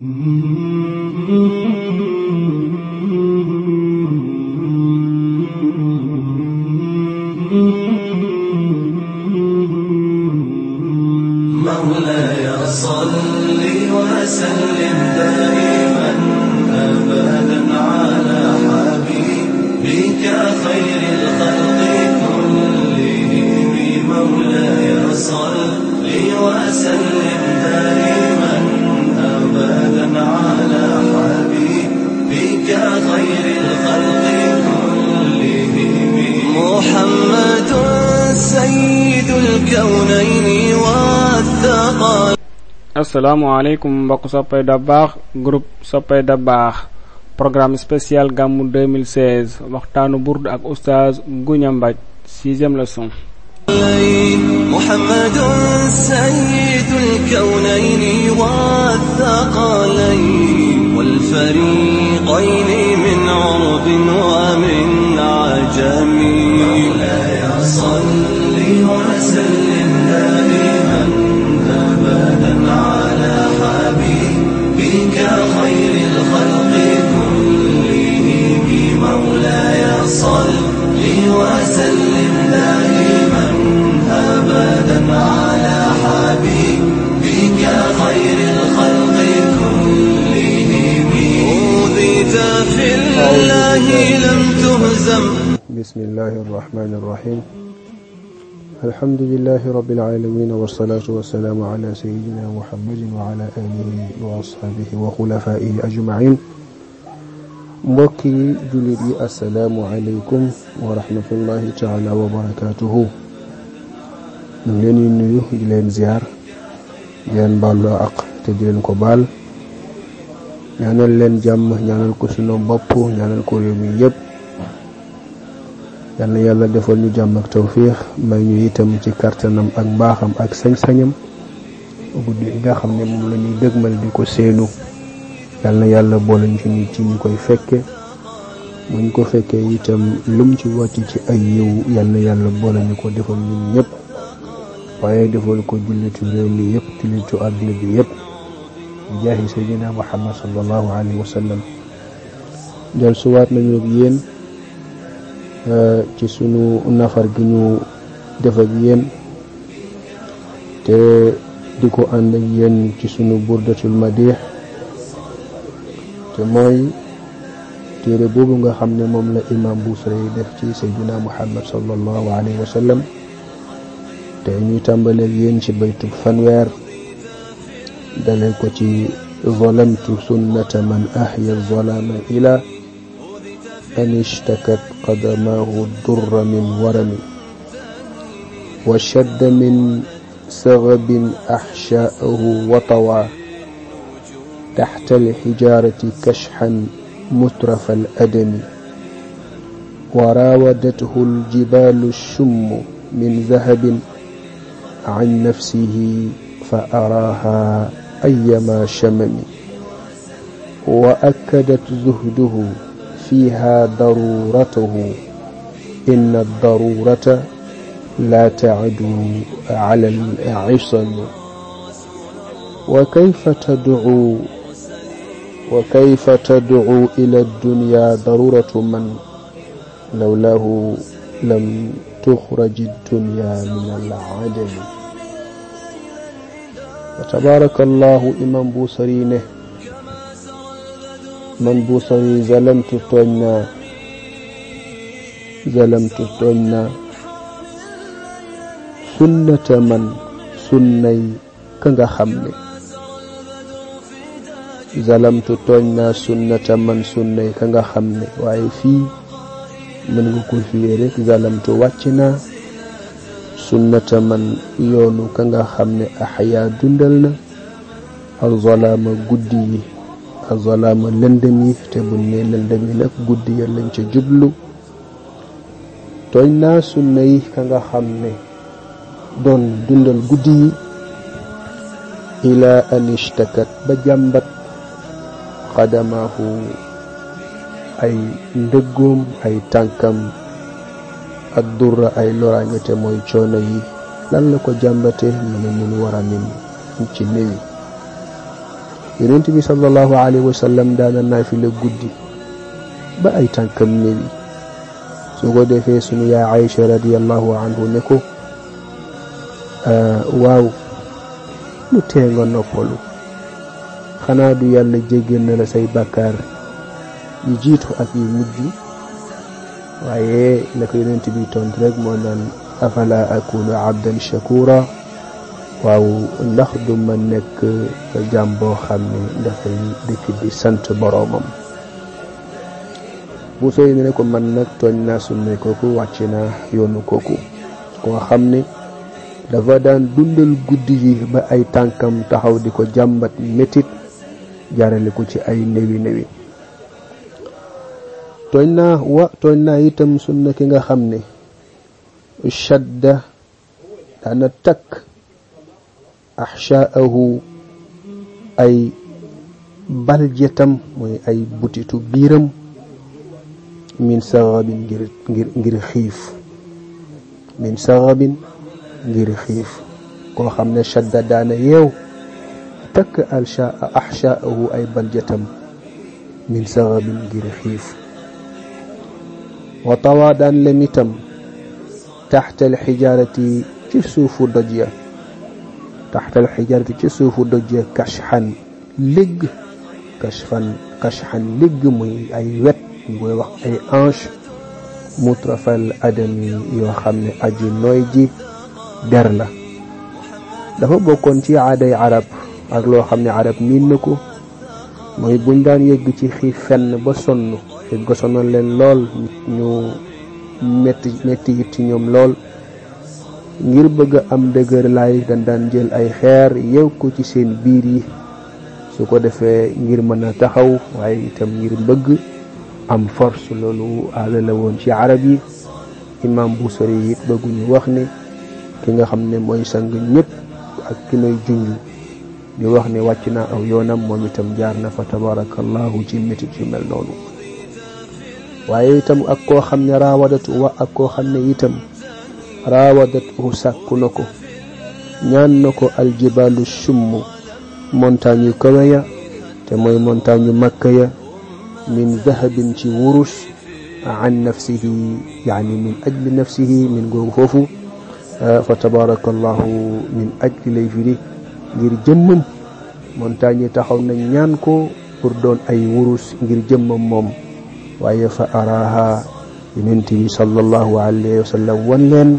Mm-hmm. asalaamaaleykum mbokk soppay da baax groupe soppay da baax programme spécial gàmmu 2016 waxtaanu burd ak oustaz Gounia Mbaj sixième leçon muhammadun الله لم تهزم بسم الله الرحمن الرحيم الحمد لله رب العالمين والصلاة والسلام على سيدنا محمد وعلى آله وأصحابه وخلفائه أجمعين mbokki jullit yi asalaamualeykum wa rahmatullahi taala wa barakaatuhu ñu ngi leen di nuyu di leen ziar di leen baalu ak te di leen ko baal ñaanal leen jàmm ñaanal ko sunu bopp ñaanal ko réew mi yëpp yal na yàlla defal ñu jàmm ak tawfiix may ñu itam ci kartanam ak mbaaxam ak sañ-sañam guddi nga xam ne moom la ñuy dëgmal di ko seenu yal na yàlla boole ñu ci nit ci ñu koy fekke buñ ko fekkee itam lum ci wàcc ci ay yiw yal na yàlla boole ñu ko defal ñun ñëpp waaye defal ko jullitu réew mi yëpp jullitu àdduna bi yëpp bi jaahi sayyidina muhammad sallallahu alayhi wa sallam jël suwaat nañu ak yéen euh, ci sunu nafar gi ñu defa ak yéen te di ko ànd ak ci sunu burdatul madix te mooy téere boobu nga xam ne moom la imam Busiri def ci sayyidina muhammad sallallahu alayhi wa sallam te ñuy tàmbaleeg yéen ci baytu fanweer dale ko ci zalamtu sunnata man ahya zalama ila an ishtakat qadamaahu durra min warami wa shadda min saxabin axshaahu watawaa taxta alxijaarati kashxan mutrafa aladami wa raawadathu aljibaalu shummu min dahabin can nafsihi fa araaha ayama shamami wa akadat zuhduhu fiha daruratahu inna darurata la taadu ala al-isami wa kayfa tad'u wa kayfa tad'u ila ad-dunya daruratu man lawlahu lam tukhraj ad-dunya min al-'adami wa tabarakallahu imam Busiri ne man Busiri zalamtu tooñ naa zalamtu tooñ naa sunnata man sunnay ka nga xam ne zalamtu tooñ naa sunnata man sunnay ka nga xam ne waaye fii mën nga ko fiyee rek zalamtu wàcc na sunnata man yoonu ka nga xam ne axyaa dundal na azalaama guddi yi azalaama lëndëm yi te buñ ne guddi ya lañ ca jublu to na sunna yi ka nga xam ne doon dundal guddi yi ilaa an ishtakat ba jàmbat xadamaahu ay ndëggoom ay tànkam addurra ay loraange te mooy coono yi lan la ko jàmbate mu ne mun war a min ci néwi yonent bi sallallahu alayhi wa sallam daana naafila guddi ba ay tànkam néwi su ko defee sunu yaa Aïcha radiallahu anhu ne ko waaw lu tee nga noppalu xanaa du yàlla jéggal na la say bàkkaar yu jiitu ak yu mujj waaye la ko yonent bi tontu rek moo naan afala akunu abdan shakura waaw ndax du ma nekk jàmm boo xam ne dafay dëkk di sant boroomam bu sooy ne ko man nag tooñ naa sunne kooku wàcc naa yoonu kooku koo xam ne dafa daan dundal guddi yi ba ay tànkam taxaw di ko jàmbat métit jaarale ko ci ay néwi néwi tooñ naa wa sunna ki nga xam ne shadda daana takk axshaahu ay baljetam mooy ay butitu biiram min saxabin ngir ngir xiif min saxabin ngir xiif koo xam ne shadda daana yeew takk axshaahu ay baljetam min saxabin ngir xiif wa tawaadaan lemitam taxta alxijaarati ci suufu doj ya taxta ci suufu doj ya kashxan ligg kashfan ligg muy ay wet ñu koy wax ay anche mutrafal adami yoo xam ne aj nooy ji der la dafa bokkoon ci aaday arab ak loo xam ne arab miin ko mooy buñ daan yëgg ci xiif fenn ba sonn gosonoon leen lool ñu metti metti it ci ñoom lool ngir bëgg am dëgër lay dañ daan jël ay xeer yeew ko ci seen biir yi su ko defee ngir mën a taxaw waaye itam ngir bëgg am force loolu aada la ci arab yi imam Busiri it bëgguñu wax ne ki nga xam ne mooy sang ñépp ak ki may junj ñu wax ni wàcc naa aw yoonam moom itam jaar na fa tabarakallahu ci métit yu mel noonu waaye itam ak koo xam ne raawadatu wa ak koo xam ne itam raawadatu sàkku na ko ñaan na ko aljibalu summ montagne yu kawe ya te mooy montagne yu makka ya min dahabin ci wurus an nafsihi yaani min ajli nafsihi min googu foofu fa tabaraka allahu min ajli lay firi ngir jëmmam montagne yi taxaw na ñaan ko pour doon ay wurus ngir jëmmam moom waaye fa araha yonent bi sallallahu alayhi wa sallam wan leen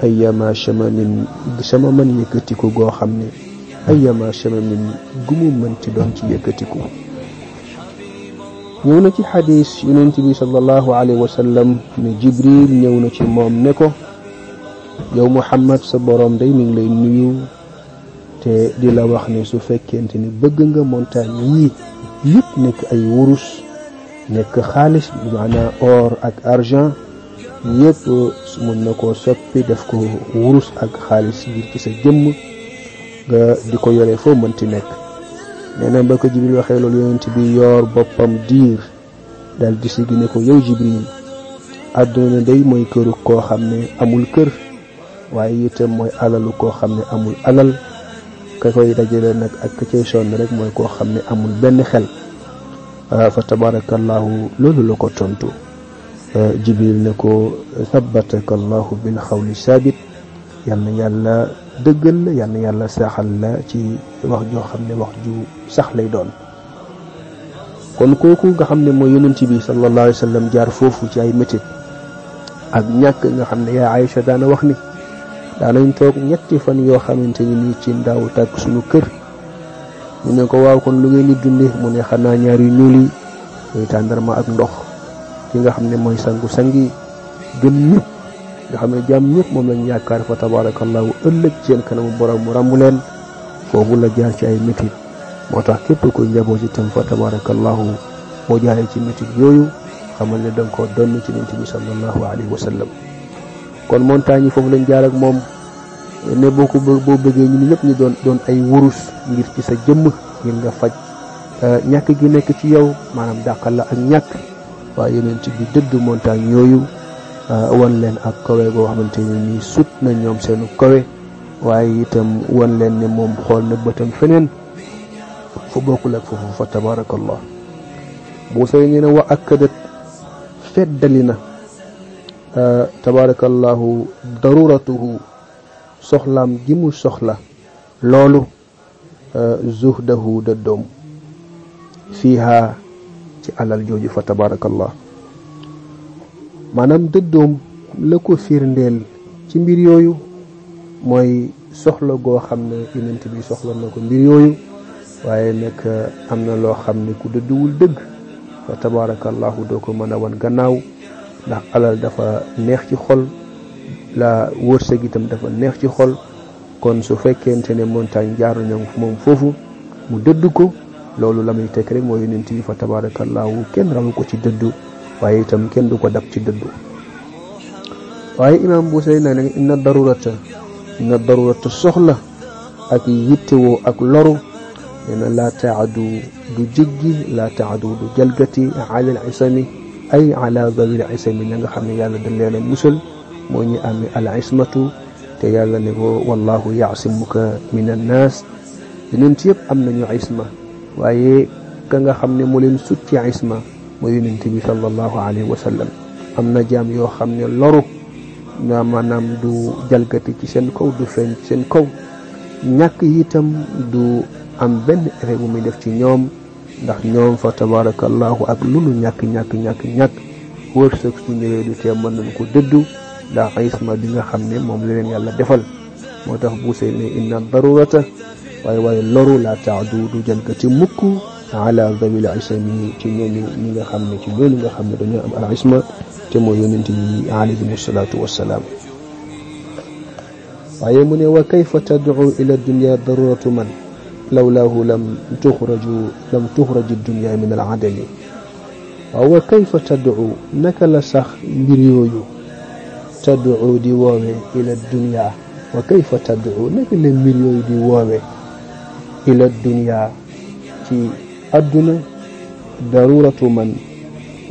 ayama chamamin sama mën yëkkatiku goo xam ne ayama chamamin gu mu mën ci doon ci yëkkatiku ñëw na ci xadis yonent bi sallallahu alayhi wa sallam ne jibril ñëw na ci moom ne ko yow muhammad sa boroom day mi ngi lay nuyu te di la wax ni su fekkente ni bëgg nga montagne yii yëpp nekk ay wurus nekk xaalis bi maanaam or ak argent yëpp mën na ko soppi def ko wurus ak xaalis yi ci sa jëmm nga di ko yore foo mënti nekk nee ba ko jibril waxee loolu yonent bi yoor boppam diir dal di si gi ne ko yow jibril àdduna day mooy këru koo xam ne amul kër waaye itam mooy alalu koo xam ne amul alal ka koy dajale nag ak ka cay sonn rek mooy koo xam ne amul benn xel Ah, fa tabarakallahu loolu la ko tontu eh, jibril ne ko thabataka allahu bil xawli saabit yal na yàlla dëggal la yal na yàlla saxal la ci wax joo xam ne wax ju sax lay doon kon kooku nga xam ne mooy yonent bi sallallahu alayhi wa sallam jaar foofu ci ay métit ak ñàkk nga xam ne yaa Aïcha daana wax ni daanañ toog ñetti fan yoo xamante ni nii ci ndaw tàkk suñu kër ñu ne ko waaw kon lu ngeen di dunde mu ne xanaa ñaar yu ñuul yi muy tàndarma ak ndox ki nga xam ne mooy sangu sangi gën ñëpp nga xam ne jaam ñëpp moom lañ yaakaar fa tabarakallahu ëllëg seen kanamu borom mu ràmbu leen foofu la jaar ci ay métit moo tax képp kuy njaboot itam fa tabarakallahu boo jaaree ci métit yooyu xamal ne danga ko donn ci nit bi sallallahu alayhi wa kon montagne foofu lañ jaar ak moom ne boo boo bëggee ñun ñëpp ñu doon doon ay wurus ngir ci sa jëmm ngir nga faj ñàkk gi nekk ci yow maanaam dàqal la ak ñàkk waaye yonent bi dëdd montagne yooyu euh, wan leen ak kawe boo xamante ne nii sut na ñoom seenu kawe waaye itam wan leen ne moom xool na bëtam feneen fu bokkul ak foofu fa tabarakallah Moussa yi nee na wa akkadat feddali euh, tabarakallahu daruratuhu soxlaam ji mu soxla loolu euh, zuhdahu da doom fiiha ci alal jooju fa tabarakallah maanaam dëddoom la ko firndeel ci mbir yooyu mooy soxla goo xam ne yonent bi soxla na ko mbir yooyu waaye nekk euh, am na loo xam ne ku dëdduwul dëgg fa tabarakallahu doo ko mën a wan gannaaw ndax alal dafa neex ci xol la wërsëg itam dafa neex ci xol kon su fekkente ne montagne jaaru na moom foofu mu dëdd ko loolu la muy tekk rek mooy yonent yi fa tabaarakallaahu kenn rawu ko ci dëdd waaye itam kenn du ko dab ci dëdd waaye imaam bu sey nag inna darurata inna darurata soxla ak yittewoo ak loru nee na laa taadu du jéggi laa taadu du jalgati alal isami ay ala zawil isami na nga xam ne yàlla da leen a musal moo ñu amee al ismatu te yàlla ne ko wallahu yaasimuka min an naas yonent yëpp am nañu asma waaye ka nga xam ne moo leen sut ci isma mooy yonent bi sallallahu alayhi wa sallam am na jaam yoo xam ne loru na maanaam du jalgati ci seen kaw du feeñ ci seen kaw ñàkk itam du am benn effet bu muy def ci ñoom ndax ñoom fa tabarakallahu ak lu nu ñàkk ñàkk ñàkk ñàkk wërsëg su ñëwee du tee mën nañ ko dëddu daa xaysma bi nga xam ne moom la leen yàlla defal moo tax buusee ne inna darurata waaye waaye loru la taadu du jël ko ci mukk ala dawil isami ci ñooñu ñi nga xam ne ci loolu nga xam ne dañoo am al isma te mooy yonent yi alayhim salaatu wassalaam waaye mu ne wa kayfa tadcu ila dunya daruratu man lawlaahu lam tuxraju lam tuxraju dunya min al adali waaw wa kayfa tadcu naka la sax mbir yooyu taddu di woowe ila dunia wa kayfa taddu naka la mbir yooyu di woowe ila dunia ci adduna daruratu man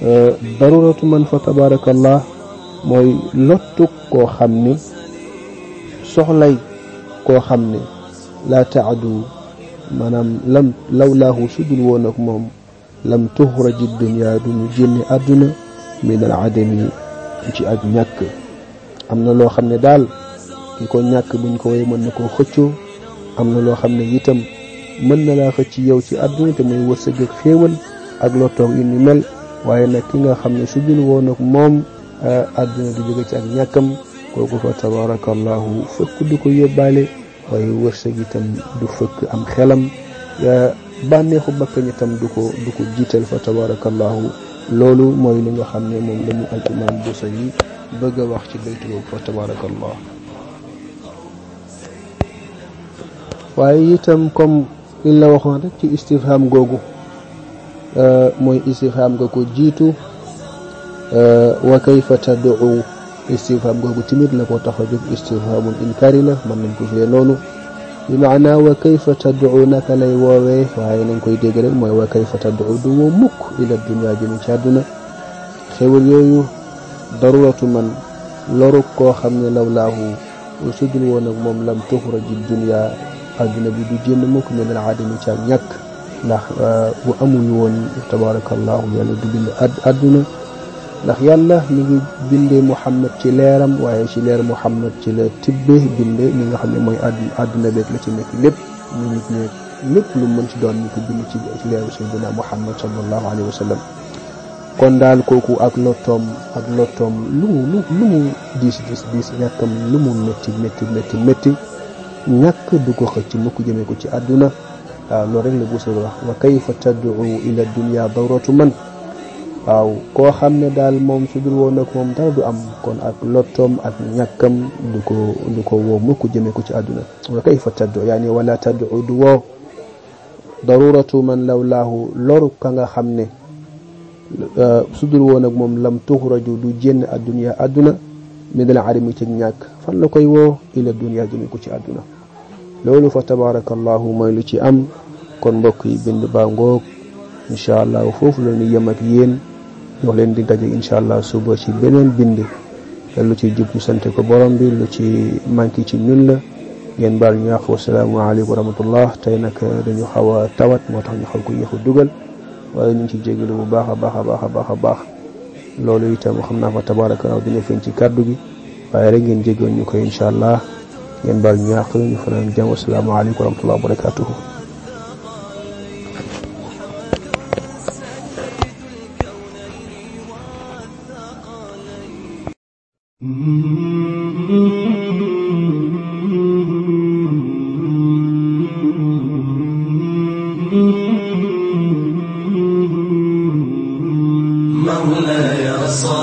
euh, daruratu man fa tabarakallah mooy lottuk koo xam ni soxlay koo xam ni laa taadu maanaam lam law laahu sudul woon ak moom lam tuxraji dunia du mu génne adduna min al adami ci ak ñàkk am na loo xam ne daal ki ko ñàkk buñ ko woyee mën na koo xëccoo am na loo xam ne itam mën na laa xëcc yow ci àdduna te muy wërsëg ak xéewal ak lottoog yu ni mel waaye nag ki nga xam ne su dul woon ak moom eh, àdduna du jóge ci ak ñàkkam kooku fa tabarakallahu fëkk du ko yóbbaale waaye wërsëg itam du fëkk am xelam eh, bànneexu bakkañ itam du ko du jiital fa tabarakallahu loolu mooy li nga xam ne moom la mu al imam Busayri bëgg a wax ci bayt boobu fa tabarakallah waaye itam comme liñ waxoon rek ci istifham googu euh, mooy istifham nga ko jiitu euh, wa kayfa tad'u istifham googu timit la ko tax a jóg istifhamul inkaari la mën nañ ko firee noonu bi maana wa kayfa tad'u naka lay woowee waaye nañ koy dégg rek mooy wa kayfa tad'u du woo mukk ila dunya jëm ci àdduna yooyu daruratu man lorug koo xam ne law laahu sudul woon ak moom lam tuxraji dunya àdduna bi du jënd mukk min al adami ci ak ñàkk ndax bu euh, amuñu woon tabarakallahu yàlla du bind àdduna ndax yàlla mi ngi bindee Muhammad ci leeram waaye ci leer Muhammad ci la tibbe binde li nga xam ne mooy àdduna àdduna beeg la ci nekk lépp ñu nit ñeeg lépp lu mën ci doon ñu ko bind ci leeru sayyidina Muhammad sallallahu alayhi wa sallam kon daal kooku ak lottoom ak lottoom lu mu lu lu mu diis diis diis ñàkkam lu mu métti métti métti ñàkk du ko xëcc mukk jëmee ko ci àdduna waaw loolu rek la buusal wax wa kayfa taddu ila dunia koo xam ne daal moom su dul woon dara du am kon ak lottoom ak ñàkkam du ko du ko woo mukk jëmee ko ci àdduna wa kayfa taddu yaani wala taddu du woo daruratu man lawlaahu loru ka nga xam ne Euh, su dul woon moom lam tuxraju du génn adduniya adduna mi dal adami ci ñàkk fan la koy woo ila dunia jëme ko ci adduna loolu fa tabarakallahu mooy lu ci am kon mbokk yi bind baa ngoog incha allah foofu la ñu yem ak yéen jox leen di daje incha allah suba ci beneen bind lu ci jub ñu sant ko borom bi lu ci manqué ci ñun la ngeen baal ñu wax wa salaamu aleykum wa rahmatullah tey nag dañu xaw a tawat moo tax ñu xaw ko yéex a dugal waaye ñu ngi ci jégalu bu baax a baax a baax a baax a baax loolu itam xam naa fa tabaaraka dina feeñ ci kàddu gi waaye rek ngeen jégal ñu ko incha allah ngeen baal ñu àq ñu fanaan jàmm asalaamaaleykum wa rahmatulah wa barakatuhu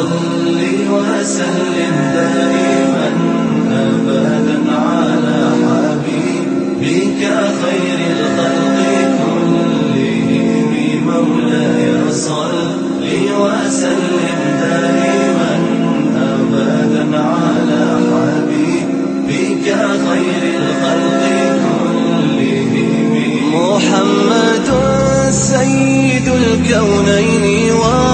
صل وسلم دائما أبدا على حبيبك خير الخلق كلهم مولاي صل وسلم دائما أبدا على حبيبك خير الخلق كلهم محمد سيد الكونين و